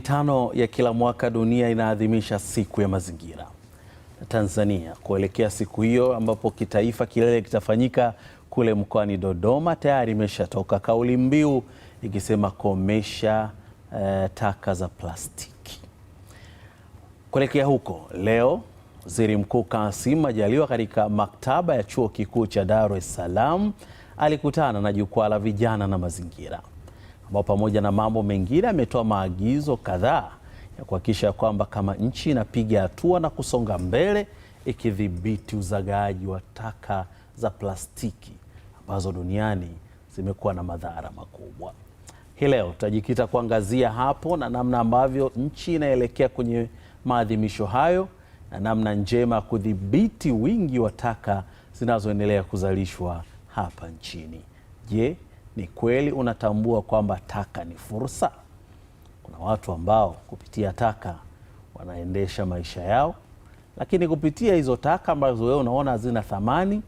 tano ya kila mwaka dunia inaadhimisha siku ya mazingira. Tanzania kuelekea siku hiyo ambapo kitaifa kilele kitafanyika kule mkoani Dodoma, tayari imeshatoka kauli mbiu ikisema komesha eh, taka za plastiki. Kuelekea huko leo Waziri Mkuu Kassim Majaliwa katika maktaba ya Chuo Kikuu cha Dar es Salaam alikutana na jukwaa la vijana na mazingira ambao pamoja na mambo mengine ametoa maagizo kadhaa ya kuhakikisha kwamba kama nchi inapiga hatua na kusonga mbele ikidhibiti uzagaaji wa taka za plastiki ambazo duniani zimekuwa na madhara makubwa. Hii leo tutajikita kuangazia hapo na namna ambavyo nchi inaelekea kwenye maadhimisho hayo na namna njema ya kudhibiti wingi wa taka zinazoendelea kuzalishwa hapa nchini. Je, ni kweli unatambua kwamba taka ni fursa? Kuna watu ambao kupitia taka wanaendesha maisha yao, lakini kupitia hizo taka ambazo wewe unaona hazina thamani,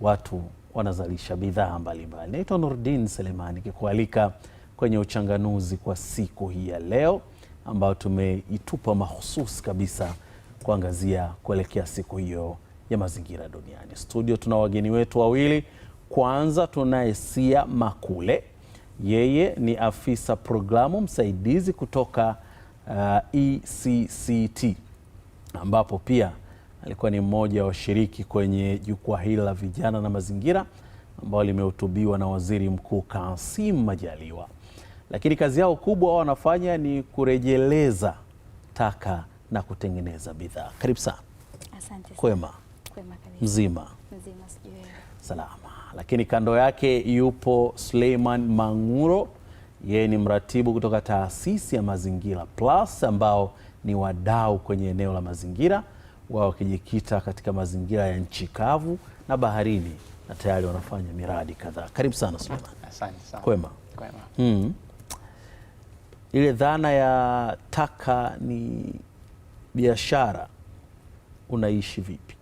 watu wanazalisha bidhaa mbalimbali. Naitwa Nurdin Selemani kikualika kwenye Uchanganuzi kwa siku hii ya leo ambayo tumeitupa mahususi kabisa kuangazia kuelekea siku hiyo ya mazingira duniani. Studio tuna wageni wetu wawili kwanza tunaye Sia Makule, yeye ni afisa programu msaidizi kutoka uh, ECCT ambapo pia alikuwa ni mmoja wa washiriki kwenye jukwaa hili la vijana na mazingira ambao limehutubiwa na Waziri Mkuu Kassim Majaliwa. Lakini kazi yao kubwa wao wanafanya ni kurejeleza taka na kutengeneza bidhaa. Karibu sana. Asante. Kwema. Kwema kabisa. Mzima. Mzima sijui. Salama lakini kando yake yupo Suleiman Mang'uro, yeye ni mratibu kutoka taasisi ya Mazingira Plus ambao ni wadau kwenye eneo la mazingira, wao wakijikita katika mazingira ya nchi kavu na baharini, na tayari wanafanya miradi kadhaa. Karibu sana Suleiman. Asante sana. Kwema. Kwema. Mm. Ile dhana ya taka ni biashara unaishi vipi?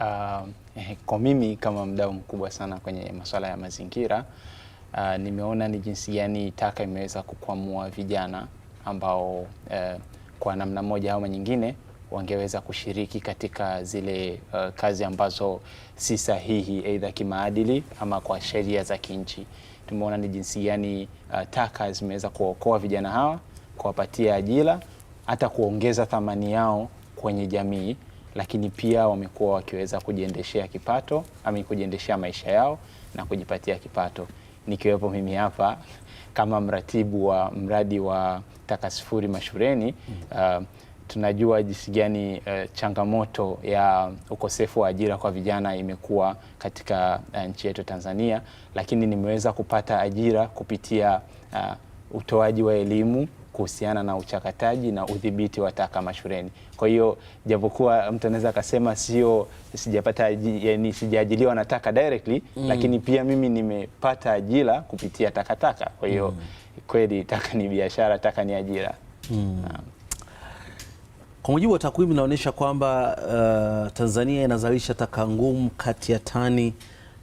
Uh, eh, kwa mimi kama mdau mkubwa sana kwenye masuala ya mazingira uh, nimeona ni jinsi gani taka imeweza kukwamua vijana ambao uh, kwa namna moja ama nyingine wangeweza kushiriki katika zile uh, kazi ambazo si sahihi aidha kimaadili ama kwa sheria za kinchi. Tumeona ni jinsi gani uh, taka zimeweza kuokoa vijana hawa, kuwapatia ajira, hata kuongeza thamani yao kwenye jamii lakini pia wamekuwa wakiweza kujiendeshea kipato ama kujiendeshea maisha yao na kujipatia kipato, nikiwepo mimi hapa kama mratibu wa mradi wa Taka Sifuri Mashuleni. Uh, tunajua jinsi gani uh, changamoto ya ukosefu wa ajira kwa vijana imekuwa katika uh, nchi yetu Tanzania, lakini nimeweza kupata ajira kupitia uh, utoaji wa elimu kuhusiana na uchakataji na udhibiti wa taka mashuleni. Kwa hiyo japokuwa mtu anaweza akasema sio sijapata yani, sijaajiliwa na taka directly mm. lakini pia mimi nimepata ajira kupitia takataka. Kwa hiyo mm. kweli taka ni biashara, taka ni ajira mm. Kwa mujibu wa takwimu inaonyesha kwamba uh, Tanzania inazalisha taka ngumu kati ya tani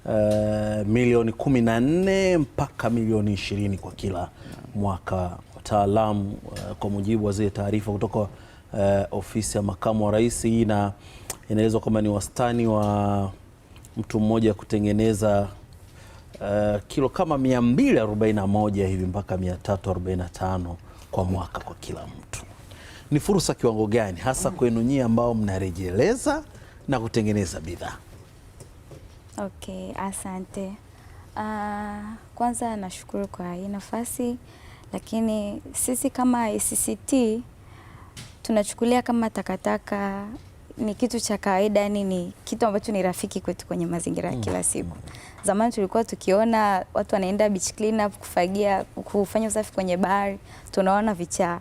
uh, milioni 14 mpaka milioni 20 kwa kila mwaka wataalamu uh, kwa mujibu wa zile taarifa kutoka uh, ofisi ya makamu wa rais. Hii na inaelezwa kwamba ni wastani wa mtu mmoja kutengeneza uh, kilo kama 241 hivi mpaka 345 kwa mwaka kwa kila mtu. Ni fursa kiwango gani hasa kwenu nyie ambao mnarejeleza na kutengeneza bidhaa? Okay, asante. Uh, kwanza nashukuru kwa hii nafasi lakini sisi kama acct tunachukulia kama takataka ni kitu cha kawaida, yani ni kitu ambacho ni rafiki kwetu kwenye mazingira ya mm. kila siku. Zamani tulikuwa tukiona watu wanaenda beach cleanup kufagia, kufanya usafi kwenye bahari, tunaona vichaa,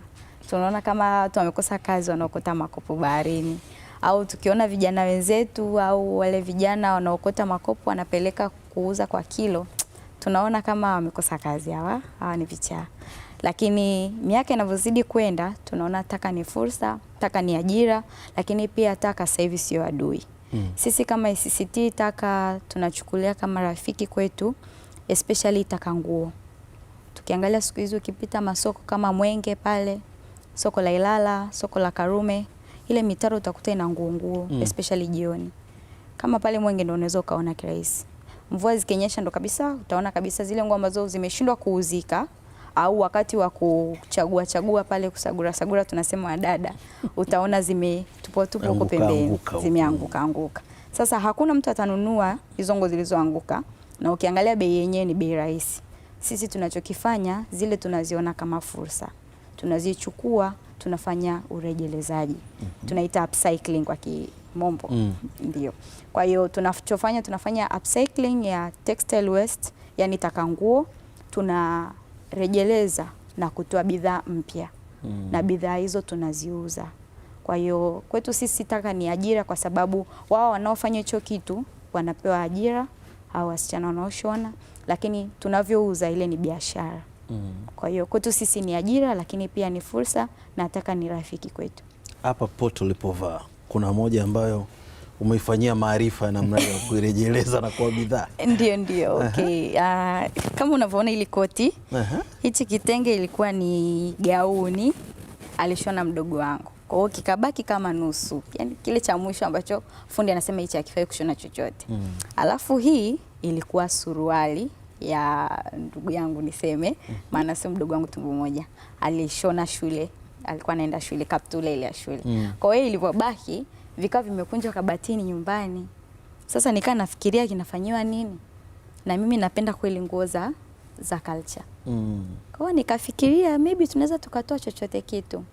tunaona kama watu wamekosa kazi wanaokota makopo baharini, au tukiona vijana wenzetu au wale vijana wanaokota makopo wanapeleka kuuza kwa kilo, tunaona kama wamekosa kazi hawa, hawa ni vichaa, lakini miaka inavyozidi kwenda tunaona taka ni fursa, taka ni ajira, lakini pia taka sasa hivi sio adui. Mm. Sisi kama ICCT taka tunachukulia kama rafiki kwetu, especially taka nguo. Tukiangalia siku hizi ukipita masoko kama Mwenge pale, soko la Ilala, soko la Karume, ile mitaro utakuta ina nguo nguo, mm. especially jioni. Kama pale Mwenge ndio unaweza ukaona kirahisi mvua zikinyesha ndo kabisa utaona kabisa zile nguo ambazo zimeshindwa kuuzika au wakati wa kuchagua chagua pale kusagura sagura tunasema wadada, utaona zimetupwa tupo huko pembeni, zimeanguka anguka. Sasa hakuna mtu atanunua hizo nguo zilizoanguka, na ukiangalia bei yenyewe ni bei rahisi. Sisi tunachokifanya zile tunaziona kama fursa, tunazichukua tunafanya urejelezaji, mhm. tunaita upcycling kwa ki kimombo mm. Ndio, kwa hiyo tunachofanya tunafanya upcycling ya textile waste, yani taka nguo, tunarejeleza na kutoa bidhaa mpya mm. na bidhaa hizo tunaziuza. Kwa hiyo kwetu sisi taka ni ajira, kwa sababu wao wanaofanya hicho kitu wanapewa ajira au wasichana wanaoshona, lakini tunavyouza ile ni biashara mm. Kwa hiyo kwetu sisi ni ajira, lakini pia ni fursa na taka ni rafiki kwetu hapa poto ulipovaa kuna moja ambayo umeifanyia maarifa namna ya kuirejeleza na kuwa bidhaa. Ndio, ndio. Okay. Uh, kama unavyoona ili koti Aha. hichi kitenge ilikuwa ni gauni alishona mdogo wangu, kwa hiyo kikabaki kama nusu, yani kile cha mwisho ambacho fundi anasema hichi hakifai kushona chochote mm. Alafu hii ilikuwa suruali ya ndugu yangu niseme, mm. maana sio mdogo wangu tumbo moja, alishona shule alikuwa anaenda shule kaptula ile ya shule mm. Kwa hiyo ilivyobaki vikawa vimekunjwa kabatini nyumbani. Sasa nikaa nafikiria kinafanyiwa nini, na mimi napenda kweli nguo za za culture mm. Kwa hiyo nikafikiria maybe tunaweza tukatoa chochote kitu.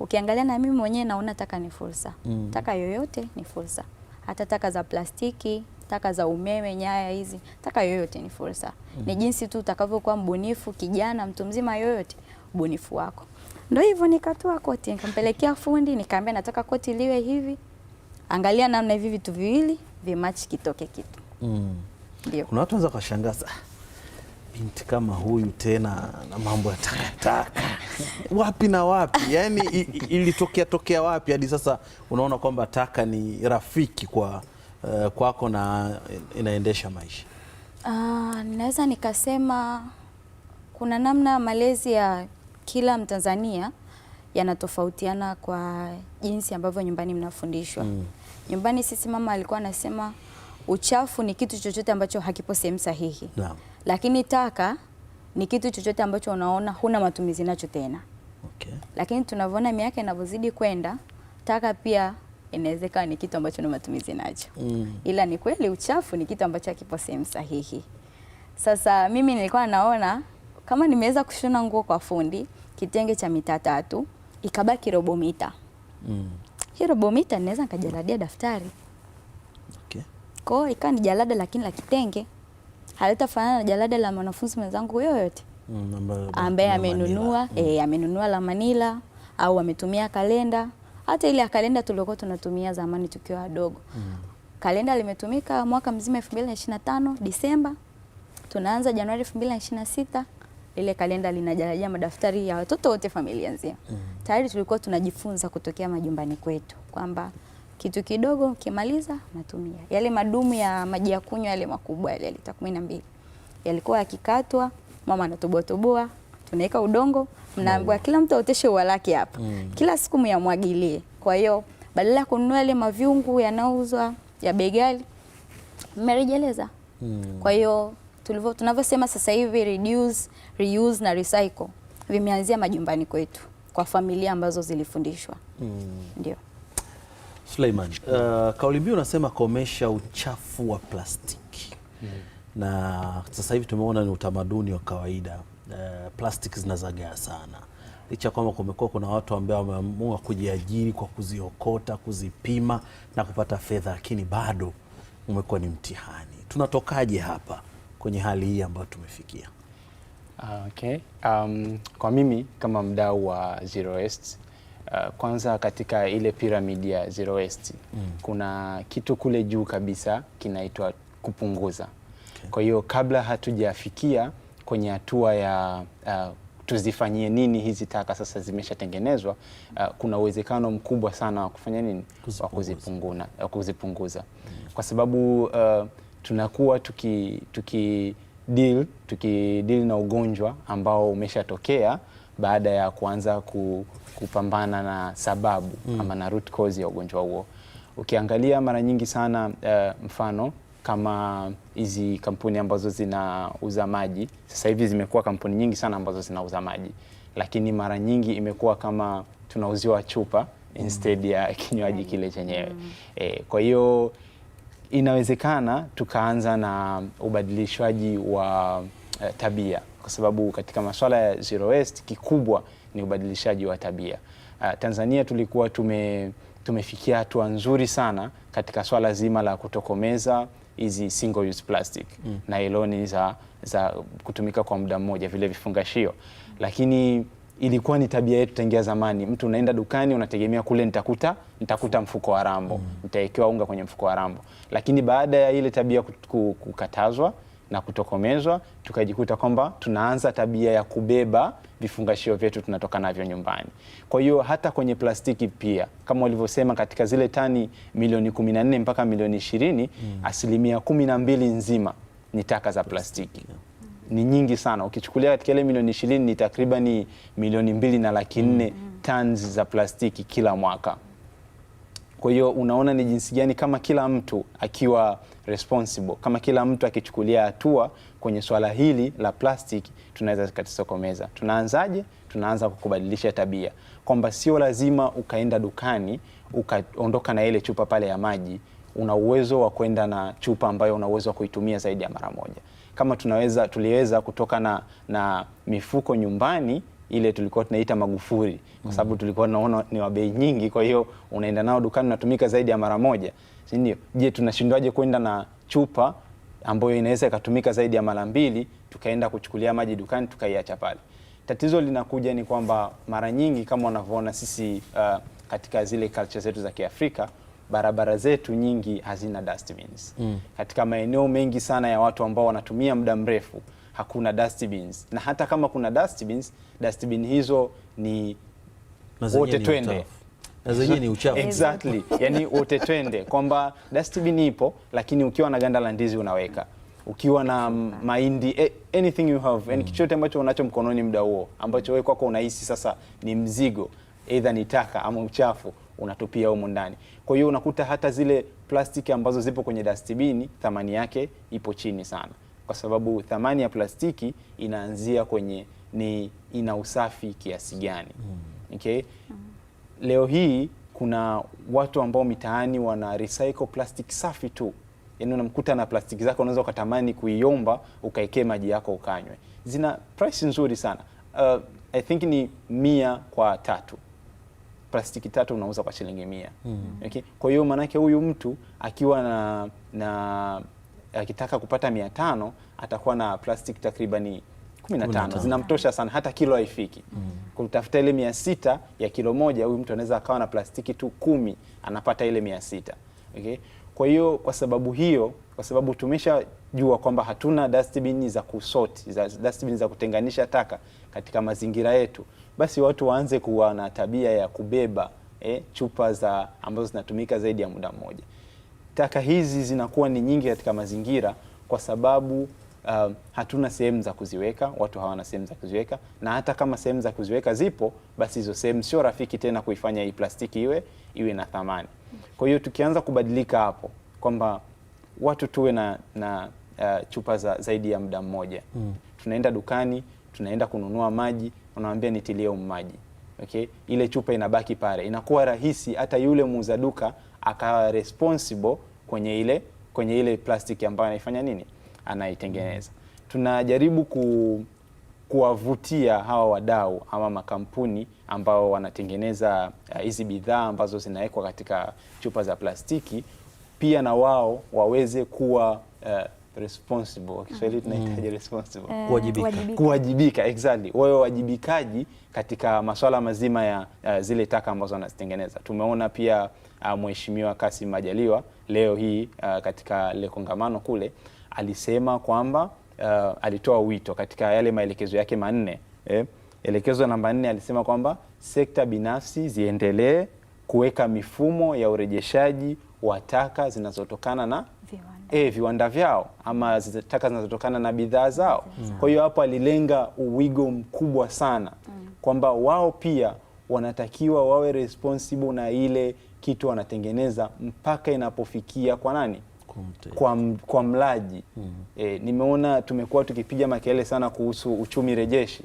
Ukiangalia na mimi mwenyewe naona taka ni fursa mm. Taka yoyote ni fursa, hata taka za plastiki taka za umeme, nyaya hizi, taka yoyote ni fursa mm -hmm. Ni jinsi tu utakavyokuwa mbunifu, kijana, mtu mzima, yoyote ubunifu wako. Ndio hivyo nikatoa koti nikampelekea fundi, nikaambia nataka koti liwe hivi, angalia namna hivi vitu viwili vimachi, kitoke kitu mm. Ndio kuna watu wanaweza kashangaza binti kama huyu tena na mambo ya takataka wapi na wapi, yaani ilitokea tokea wapi hadi sasa unaona kwamba taka ni rafiki kwa uh, kwako na inaendesha maisha? Uh, naweza nikasema kuna namna malezi ya kila Mtanzania yanatofautiana kwa jinsi ambavyo nyumbani mnafundishwa. Mm. Nyumbani sisi mama alikuwa anasema uchafu ni kitu chochote ambacho hakipo sehemu sahihi. Naam. Lakini taka ni kitu chochote ambacho unaona huna matumizi nacho tena. Okay. Lakini tunavyoona miaka inavyozidi kwenda, taka pia inawezekana ni kitu ambacho na matumizi nacho. Mm. Ila ni kweli uchafu ni kitu ambacho hakipo sehemu sahihi. Sasa mimi nilikuwa naona kama nimeweza kushona nguo kwa fundi kitenge cha mita tatu ikabaki robo mita mm. hii robo mita ninaweza nikajaradia daftari okay. Kwao ikawa ni jalada lakini la kitenge halitafanana na jalada la mwanafunzi mwenzangu yoyote mm, ambaye amenunua mm. e, amenunua la Manila au ametumia kalenda, hata ile kalenda tuliokuwa tunatumia zamani tukiwa wadogo mm. Kalenda limetumika mwaka mzima 2025 Disemba, tunaanza Januari 2026 ile kalenda linajarajia madaftari ya watoto wote familia nzima. mm -hmm. Tayari tulikuwa tunajifunza kutokea majumbani kwetu kwamba kitu kidogo ukimaliza natumia yale madumu ya maji ya kunywa yale makubwa yale lita kumi na mbili yalikuwa yakikatwa, mama anatoboatoboa, tunaweka udongo, mnaambiwa mm. kila mtu aoteshe ua lake hapa mm. kila siku myamwagilie. Kwa hiyo badala ya kununua yale mavyungu yanaouzwa ya begali, mmerejeleza mm. kwa hiyo tulivyo tunavyosema sasa hivi reduce, reuse na recycle vimeanzia majumbani kwetu kwa familia ambazo zilifundishwa mm. Ndio Suleiman, uh, kauli mbiu unasema komesha uchafu wa plastiki mm. na sasa hivi tumeona ni utamaduni wa kawaida uh, plastiki zinazagaa sana licha kwamba kumekuwa kuna watu ambao wameamua kujiajiri kwa kuziokota, kuzipima na kupata fedha, lakini bado umekuwa ni mtihani. Tunatokaje hapa? kwenye hali hii ambayo tumefikia? Ah, okay. Um, kwa mimi kama mdau wa Zero Waste uh, kwanza katika ile piramidi ya Zero Waste mm. kuna kitu kule juu kabisa kinaitwa kupunguza. Okay. Kwa hiyo kabla hatujafikia kwenye hatua ya uh, tuzifanyie nini hizi taka sasa zimeshatengenezwa, uh, kuna uwezekano mkubwa sana wa kufanya nini, wa kuzipunguza, kuzipunguza. Mm. Kwa sababu uh, tunakuwa tuki, tuki deal deal na ugonjwa ambao umeshatokea baada ya kuanza kupambana na sababu mm. ama na root cause ya ugonjwa huo. Ukiangalia mara nyingi sana uh, mfano kama hizi kampuni ambazo zinauza maji sasa hivi zimekuwa kampuni nyingi sana ambazo zinauza maji, lakini mara nyingi imekuwa kama tunauziwa chupa mm. instead ya kinywaji kile chenyewe mm. e, kwa hiyo inawezekana tukaanza na ubadilishwaji wa eh, tabia kwa sababu katika masuala ya zero waste kikubwa ni ubadilishaji wa tabia. Uh, Tanzania tulikuwa tume, tumefikia hatua nzuri sana katika swala zima la kutokomeza hizi single use plastic mm. na nailoni za, za kutumika kwa muda mmoja vile vifungashio, lakini ilikuwa ni tabia yetu tangia zamani. Mtu unaenda dukani unategemea kule nitakuta nitakuta mfuko wa rambo, mm. nitawekewa unga kwenye mfuko wa rambo. Lakini baada ya ile tabia kukatazwa na kutokomezwa, tukajikuta kwamba tunaanza tabia ya kubeba vifungashio vyetu tunatoka navyo nyumbani. Kwa hiyo hata kwenye plastiki pia, kama walivyosema, katika zile tani milioni 14 mpaka milioni 20, mm. asilimia 12 nzima ni taka za plastiki ni nyingi sana. Ukichukulia katika ile milioni ishirini ni takriban milioni mbili na laki nne tons za plastiki kila mwaka. Kwa hiyo unaona ni jinsi gani kama kila mtu akiwa responsible, kama kila mtu akichukulia hatua kwenye swala hili la plastiki, tunaweza tukatisokomeza. Tunaanzaje? Tunaanza kwa kubadilisha tabia, kwamba sio lazima ukaenda dukani ukaondoka na ile chupa pale ya maji. Una uwezo wa kwenda na chupa ambayo una uwezo wa kuitumia zaidi ya mara moja kama tunaweza tuliweza kutoka na, na mifuko nyumbani ile tulikuwa tunaita magufuri kwa sababu tulikuwa tunaona ni wa bei nyingi, kwa hiyo unaenda nao dukani unatumika zaidi ya mara moja, si ndio? Je, tunashindwaje kwenda na chupa ambayo inaweza ikatumika zaidi ya mara mbili, tukaenda kuchukulia maji dukani tukaiacha pale? Tatizo linakuja ni kwamba mara nyingi kama wanavyoona sisi uh, katika zile culture zetu za Kiafrika barabara zetu nyingi hazina dustbins. Mm. Katika maeneo mengi sana ya watu ambao wanatumia muda mrefu hakuna dustbins, na hata kama kuna dustbins, dustbin hizo ni wote twende na zenyewe ni uchafu. Exactly. Yani wote twende kwamba dustbin ipo, lakini ukiwa na ganda la ndizi unaweka, ukiwa na mahindi, eh, anything you have, yani mm. kichote ambacho unacho mkononi muda huo ambacho wewe kwako unahisi sasa ni mzigo, either ni taka ama uchafu unatupia humu ndani. Kwa hiyo unakuta hata zile plastiki ambazo zipo kwenye dastibini thamani yake ipo chini sana, kwa sababu thamani ya plastiki inaanzia kwenye ni ina usafi kiasi gani. Hmm. Okay? Leo hii kuna watu ambao mitaani wana recycle plastic safi tu, yaani unamkuta na plastiki zake unaweza ukatamani kuiomba ukaekee maji yako ukanywe, zina price nzuri sana. Uh, I think ni mia kwa tatu plastiki tatu unauza kwa shilingi mia. mm -hmm. Okay? Kwa hiyo maanake huyu mtu akiwa na, na akitaka kupata mia tano atakuwa na plastiki takribani 15 zinamtosha sana, hata kilo haifiki. mm -hmm. Kutafuta ile mia sita ya kilo moja, huyu mtu anaweza akawa na plastiki tu kumi anapata ile mia sita. Okay? Kwa hiyo kwa sababu hiyo, kwa sababu tumeshajua kwamba hatuna dustbin za kusoti za dustbin za kutenganisha taka katika mazingira yetu basi watu waanze kuwa na tabia ya kubeba eh, chupa za ambazo zinatumika zaidi ya muda mmoja. Taka hizi zinakuwa ni nyingi katika mazingira kwa sababu uh, hatuna sehemu za kuziweka, watu hawana sehemu za kuziweka, na hata kama sehemu za kuziweka zipo, basi hizo sehemu sio rafiki tena kuifanya hii plastiki iwe iwe na thamani. Kwa hiyo tukianza kubadilika hapo kwamba watu tuwe na, na uh, chupa za zaidi ya muda mmoja mm. Tunaenda dukani, tunaenda kununua maji unamwambia nitilie maji. Okay? Ile chupa inabaki pale, inakuwa rahisi hata yule muuza duka akawa responsible kwenye ile kwenye ile plastiki ambayo anaifanya nini, anaitengeneza. Tunajaribu ku, kuwavutia hawa wadau ama makampuni ambao wanatengeneza uh, hizi uh, bidhaa ambazo zinawekwa katika chupa za plastiki, pia na wao waweze kuwa uh, responsible mm. Kiswahili tunahitaji mm. responsible, eh, kuwajibika, kuwajibika exactly, wao wajibikaji katika masuala mazima ya uh, zile taka ambazo wanazitengeneza. Tumeona pia uh, Mheshimiwa Kassim Majaliwa leo hii uh, katika ile kongamano kule alisema kwamba uh, alitoa wito katika yale maelekezo yake manne eh? Elekezo namba nne alisema kwamba sekta binafsi ziendelee kuweka mifumo ya urejeshaji wa taka zinazotokana na e, viwanda vyao ama taka zinazotokana na bidhaa zao mm. Kwa hiyo hapo alilenga uwigo mkubwa sana mm. kwamba wao pia wanatakiwa wawe responsible na ile kitu wanatengeneza mpaka inapofikia kwa nani? Kwa, kwa mlaji mm. E, nimeona tumekuwa tukipiga makelele sana kuhusu uchumi rejeshi.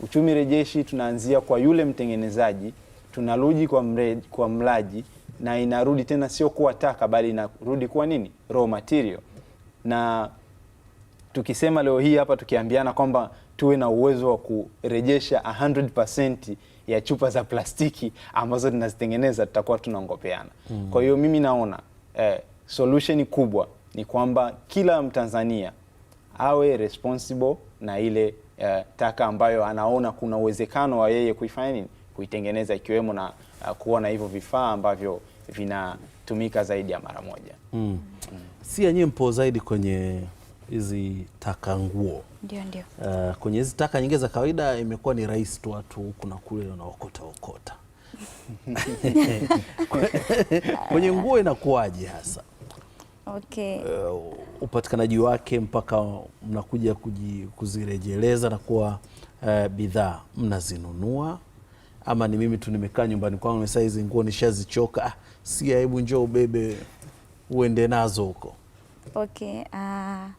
Uchumi rejeshi tunaanzia kwa yule mtengenezaji, tunaruji kwa, kwa mlaji na inarudi tena sio kuwa taka, bali inarudi kuwa nini? Raw material. Na tukisema leo hii hapa tukiambiana kwamba tuwe na uwezo wa kurejesha 100% ya chupa za plastiki ambazo tunazitengeneza tutakuwa tunaongopeana. Mm. Kwa hiyo mimi naona eh, solution kubwa ni kwamba kila Mtanzania awe responsible na ile eh, taka ambayo anaona kuna uwezekano wa yeye kuifanya nini, kuitengeneza ikiwemo na Uh, kuwa na hivyo vifaa ambavyo vinatumika zaidi ya mara moja mm. Mm. si yenyewe mpo zaidi kwenye hizi taka nguo ndio, ndio. Uh, kwenye hizi taka nyingine za kawaida imekuwa ni rahisi tu watu huku na kule wanaokota okota kwenye nguo inakuwaje hasa? Okay. Uh, upatikanaji wake mpaka mnakuja kuzirejeleza na kuwa uh, bidhaa mnazinunua ama ni mimi tu nimekaa nyumbani kwangu saa hizi nguo nishazichoka, ah, si aibu, njoo ubebe uende nazo huko. Okay, uh,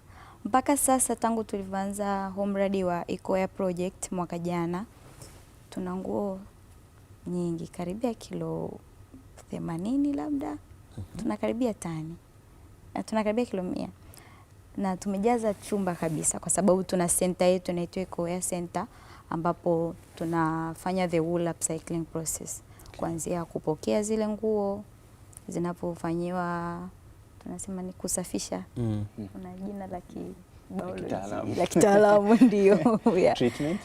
mpaka sasa tangu tulivyoanza huu mradi wa Ikoya project mwaka jana tuna nguo nyingi karibia kilo themanini labda mm tunakaribia tani tunakaribia kilo mia na tumejaza chumba kabisa, kwa sababu tuna senta yetu inaitwa Ecoair Center ambapo tunafanya the wool upcycling process kuanzia kupokea zile nguo zinapofanyiwa tunasema ni kusafisha. mm Kuna jina la kibiolojia la kitaalamu ndio treatment.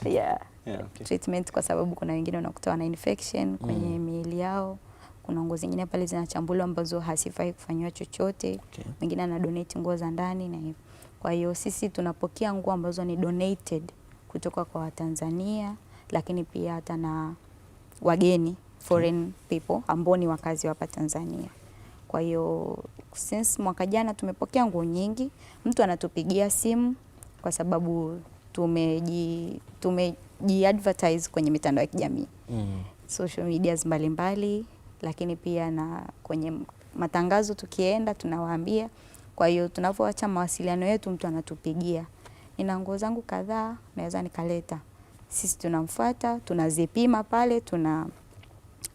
Treatment kwa sababu kuna wengine unakuta wana infection kwenye mm. miili yao. Kuna nguo zingine pale zinachambulwa ambazo hasifai kufanyiwa chochote. Okay. Wengine ana donate nguo za ndani na hivyo, kwa hiyo sisi tunapokea nguo ambazo ni donated kutoka kwa Watanzania, lakini pia hata na wageni foreign people ambao ni wakazi wa hapa Tanzania. Kwa hiyo since mwaka jana tumepokea nguo nyingi, mtu anatupigia simu kwa sababu tumeji tumeji advertise kwenye mitandao ya kijamii mm. social medias mbalimbali, lakini pia na kwenye matangazo tukienda tunawaambia. Kwa hiyo tunavyoacha mawasiliano yetu, mtu anatupigia nina nguo zangu kadhaa, naweza nikaleta. Sisi tunamfuata, tunazipima pale, tuna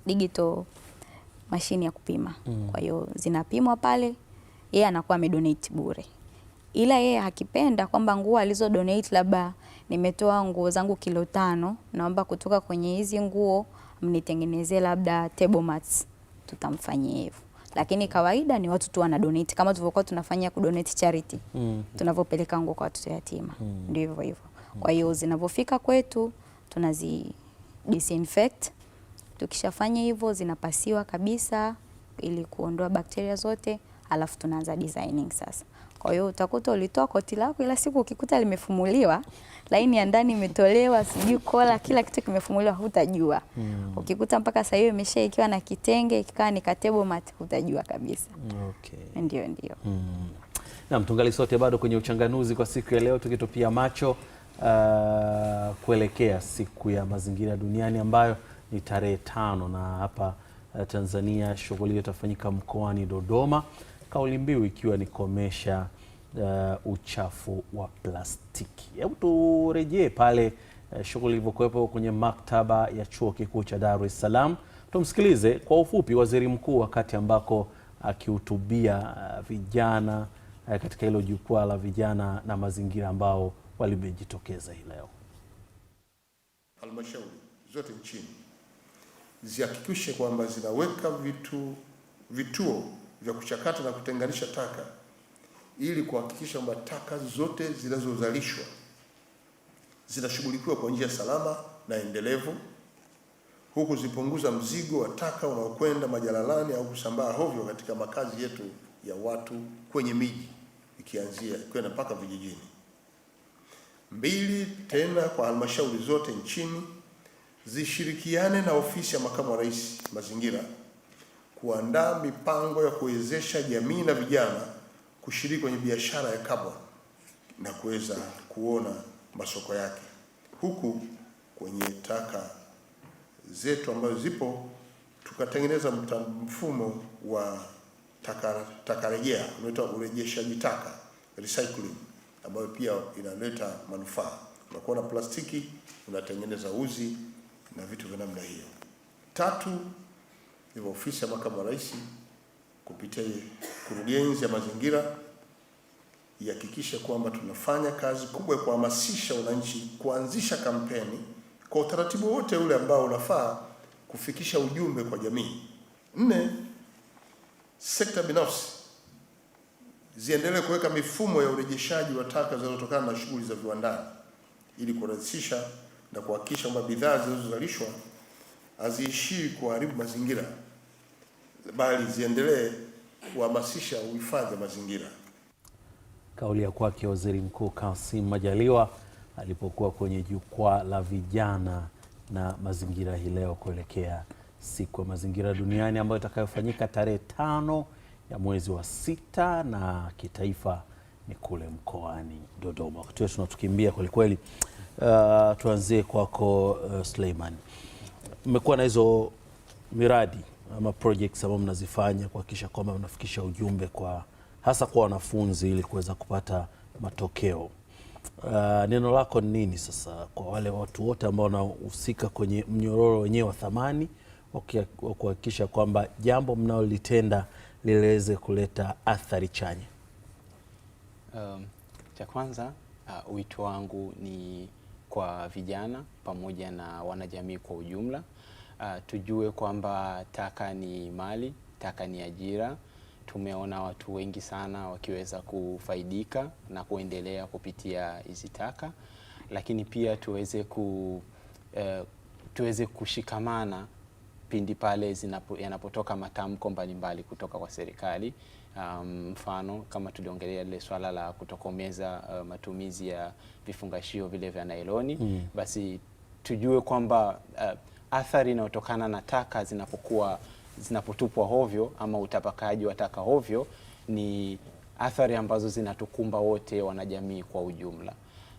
digital mashine ya kupima mm. Kwa hiyo zinapimwa pale, yeye anakuwa amedonate bure, ila yeye hakipenda kwamba nguo alizo donate, labda nimetoa nguo zangu kilo tano, naomba kutoka kwenye hizi nguo mnitengenezee labda table mats, tutamfanyia hivyo lakini kawaida ni watu tu wana donate kama tulivyokuwa tunafanya ku donate charity mm. tunavyopeleka nguo kwa watoto yatima mm. hivyo hivyo. Mm. Kwa hiyo zinavyofika kwetu tunazi disinfect, tukishafanya hivyo zinapasiwa kabisa ili kuondoa bakteria zote, alafu tunaanza designing sasa. Kwa hiyo utakuta ulitoa koti lako, ila siku ukikuta limefumuliwa, laini ya ndani imetolewa, sijui kola, kila kitu kimefumuliwa, hutajua mm. Ukikuta mpaka sasa hiyo imesha ikiwa na kitenge ikikaa ni katebo mat, hutajua kabisa. Okay. Ndio, ndio mm. Na mtungali sote bado kwenye uchanganuzi kwa siku ya leo, tukitupia macho uh, kuelekea siku ya mazingira duniani ambayo ni tarehe tano na hapa eh, Tanzania shughuli hiyo itafanyika mkoani Dodoma kauli mbiu ikiwa ni komesha uh, uchafu wa plastiki. Hebu turejee pale uh, shughuli ilivyokuwepo kwenye maktaba ya Chuo Kikuu cha Dar es Salaam. Tumsikilize kwa ufupi Waziri Mkuu wakati ambako akihutubia uh, vijana uh, katika hilo jukwaa la vijana na mazingira ambao walimejitokeza hii leo. Halmashauri zote nchini zihakikishe kwamba zinaweka vitu vituo vya kuchakata na kutenganisha taka ili kuhakikisha kwamba taka zote zinazozalishwa zinashughulikiwa kwa njia salama na endelevu, huku zipunguza mzigo wa taka unaokwenda majalalani au kusambaa hovyo katika makazi yetu ya watu kwenye miji ikianzia kwenda mpaka vijijini. Mbili, tena kwa halmashauri zote nchini zishirikiane na ofisi ya makamu wa rais mazingira kuandaa mipango ya kuwezesha jamii na vijana kushiriki kwenye biashara ya kaboni na kuweza kuona masoko yake, huku kwenye taka zetu ambazo zipo tukatengeneza mfumo wa taka taka rejea unaitwa urejeshaji taka recycling, ambayo pia inaleta manufaa. Unakuwa na plastiki unatengeneza uzi na vitu vya namna hiyo. Tatu, hivyo ofisi ya makamu wa rais kupitia kurugenzi ya mazingira ihakikishe kwamba tunafanya kazi kubwa ya kuhamasisha wananchi kuanzisha kampeni kwa utaratibu wote ule ambao unafaa kufikisha ujumbe kwa jamii. Nne, sekta binafsi ziendelee kuweka mifumo ya urejeshaji wa taka zinazotokana na shughuli za viwandani ili kurahisisha na kuhakikisha kwamba bidhaa zinazozalishwa haziishii kuharibu mazingira bali ziendelee kuhamasisha uhifadhi wa mazingira. Kauli ya kwake Waziri Mkuu Kassim Majaliwa alipokuwa kwenye jukwaa la vijana na mazingira hii leo kuelekea siku ya mazingira duniani ambayo itakayofanyika tarehe tano ya mwezi wa sita na kitaifa ni kule mkoani Dodoma. Wakati wetu tunatukimbia kwelikweli. Uh, tuanzie kwako uh, Suleiman, mmekuwa na hizo miradi ama projects ambazo mnazifanya kuhakikisha kwamba mnafikisha ujumbe kwa hasa kwa wanafunzi ili kuweza kupata matokeo. Uh, neno lako ni nini sasa kwa wale watu wote ambao wanahusika kwenye mnyororo wenyewe wa thamani wa kuhakikisha kwamba jambo mnalolitenda liliweze kuleta athari chanya? Um, cha kwanza uh, wito wangu ni kwa vijana pamoja na wanajamii kwa ujumla uh, tujue kwamba taka ni mali, taka ni ajira. Tumeona watu wengi sana wakiweza kufaidika na kuendelea kupitia hizi taka, lakini pia tuweze ku uh, tuweze kushikamana pindi pale zinapo, yanapotoka matamko mbalimbali kutoka kwa serikali. Ah, mfano um, kama tuliongelea lile swala la kutokomeza uh, matumizi ya vifungashio vile vya nailoni mm. Basi tujue kwamba uh, athari inayotokana na taka zinapokuwa zinapotupwa hovyo ama utapakaji wa taka hovyo ni athari ambazo zinatukumba wote wanajamii kwa ujumla.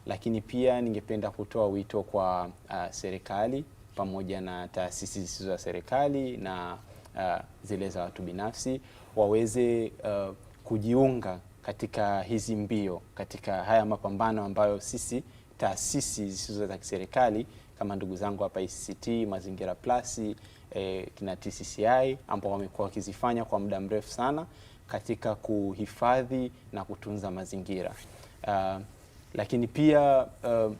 Lakini pia ningependa kutoa wito kwa uh, serikali pamoja na taasisi zisizo za serikali na uh, zile za watu binafsi waweze uh, kujiunga katika hizi mbio, katika haya mapambano ambayo sisi taasisi zisizo za kiserikali kama ndugu zangu hapa ICT Mazingira Plus e, kina TCCI ambao wamekuwa wakizifanya kwa muda mrefu sana katika kuhifadhi na kutunza mazingira uh, lakini pia uh,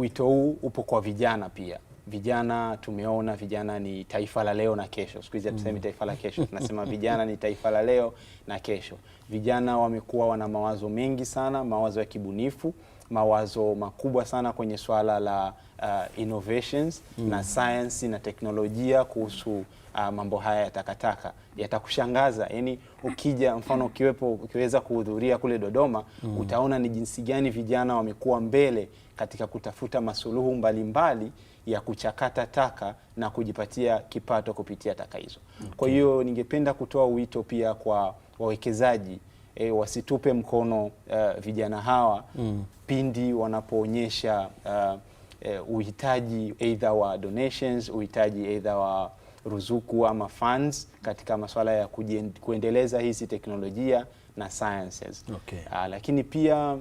wito huu upo kwa vijana pia. Vijana tumeona vijana ni taifa la leo na kesho. Siku hizi hatusemi mm. taifa la kesho, tunasema vijana ni taifa la leo na kesho. Vijana wamekuwa wana mawazo mengi sana, mawazo ya kibunifu mawazo makubwa sana kwenye swala la uh, innovations mm. na science na teknolojia kuhusu uh, mambo haya ya takataka yatakushangaza. Yani ukija mfano, ukiwepo ukiweza kuhudhuria kule Dodoma mm. utaona ni jinsi gani vijana wamekuwa mbele katika kutafuta masuluhu mbalimbali mbali ya kuchakata taka na kujipatia kipato kupitia taka hizo. Okay. Kwa hiyo ningependa kutoa wito pia kwa wawekezaji e, wasitupe mkono uh, vijana hawa mm. pindi wanapoonyesha uh, uh, uhitaji either wa donations, uhitaji either wa ruzuku ama funds katika masuala ya kuendeleza hizi teknolojia na sciences. Okay. Uh, lakini pia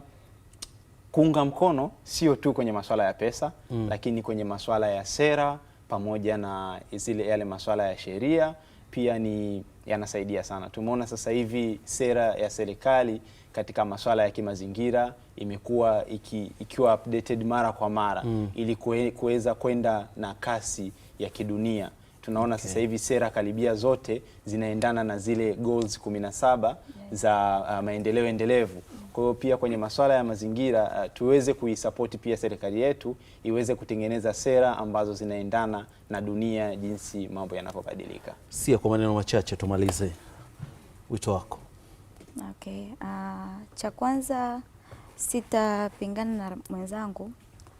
kuunga mkono sio tu kwenye masuala ya pesa mm. lakini kwenye masuala ya sera pamoja na zile yale masuala ya sheria pia ni yanasaidia sana. Tumeona sasa hivi sera ya serikali katika masuala ya kimazingira imekuwa iki, ikiwa updated mara kwa mara mm. ili kuweza kwenda na kasi ya kidunia tunaona okay. Sasa hivi sera karibia zote zinaendana na zile goals 17 yes. za uh, maendeleo endelevu. Kwa hiyo pia kwenye masuala ya mazingira uh, tuweze kuisapoti pia serikali yetu iweze kutengeneza sera ambazo zinaendana na dunia jinsi mambo yanavyobadilika. Sia, kwa maneno machache tumalize wito wako. Okay. Uh, cha kwanza sitapingana na mwenzangu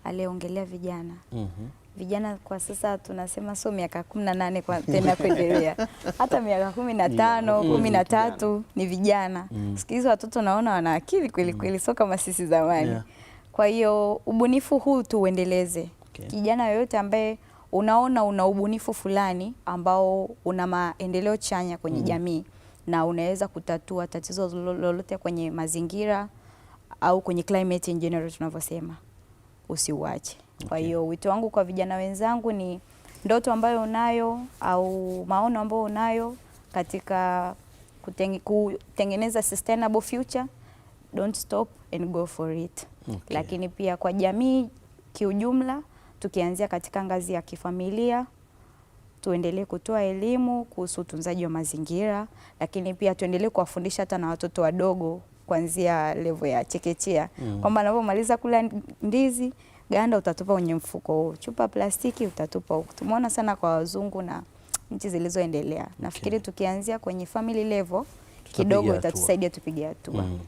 aliyeongelea vijana. mm -hmm vijana kwa sasa tunasema sio miaka kumi na nane tena kuendelea, hata miaka kumi na tano kumi na tatu ni vijana mm. Siku hizi watoto naona wana akili kweli mm. kweli, sio kama sisi zamani yeah. Kwa hiyo ubunifu huu tuuendeleze. okay. Kijana yoyote ambaye unaona una ubunifu fulani ambao una maendeleo chanya kwenye mm. jamii na unaweza kutatua tatizo lolote kwenye mazingira au kwenye climate in general tunavyosema, usiuache. Kwa hiyo okay, wito wangu kwa vijana wenzangu ni ndoto ambayo unayo au maono ambayo unayo katika kutengeneza sustainable future, don't stop and go for it. Okay. Lakini pia kwa jamii kiujumla, tukianzia katika ngazi ya kifamilia tuendelee kutoa elimu kuhusu utunzaji wa mazingira, lakini pia tuendelee kuwafundisha hata na watoto wadogo kuanzia levo ya chekechea mm, kwamba anapomaliza kula ndizi ganda utatupa kwenye mfuko huu, chupa plastiki utatupa huku. Tumeona sana kwa wazungu na nchi zilizoendelea. Okay. Nafikiri tukianzia kwenye family level kidogo itatusaidia tupige hatua. Mm.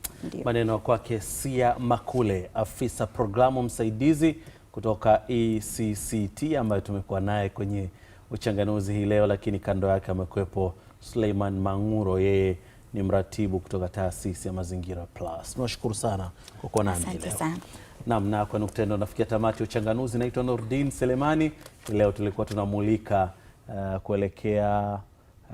Maneno kwake Sia Makule, afisa programu msaidizi kutoka ECCT ambayo tumekuwa naye kwenye uchanganuzi hii leo, lakini kando yake amekuwepo Suleiman Mang'uro, yeye ni mratibu kutoka taasisi ya Mazingira Plus. Tunashukuru sana kwa kuwa nami leo. Asante sana. Naam, na kwa nukta ndo nafikia tamati ya uchanganuzi. Naitwa Nordin Selemani. Leo tulikuwa tunamulika uh, kuelekea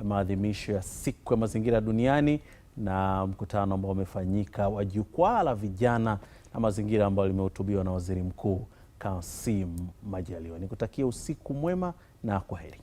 maadhimisho ya siku ya mazingira duniani na mkutano ambao umefanyika wa jukwaa la vijana na mazingira ambayo limehutubiwa na Waziri Mkuu Kassim Majaliwa. Nikutakia usiku mwema na kwaheri.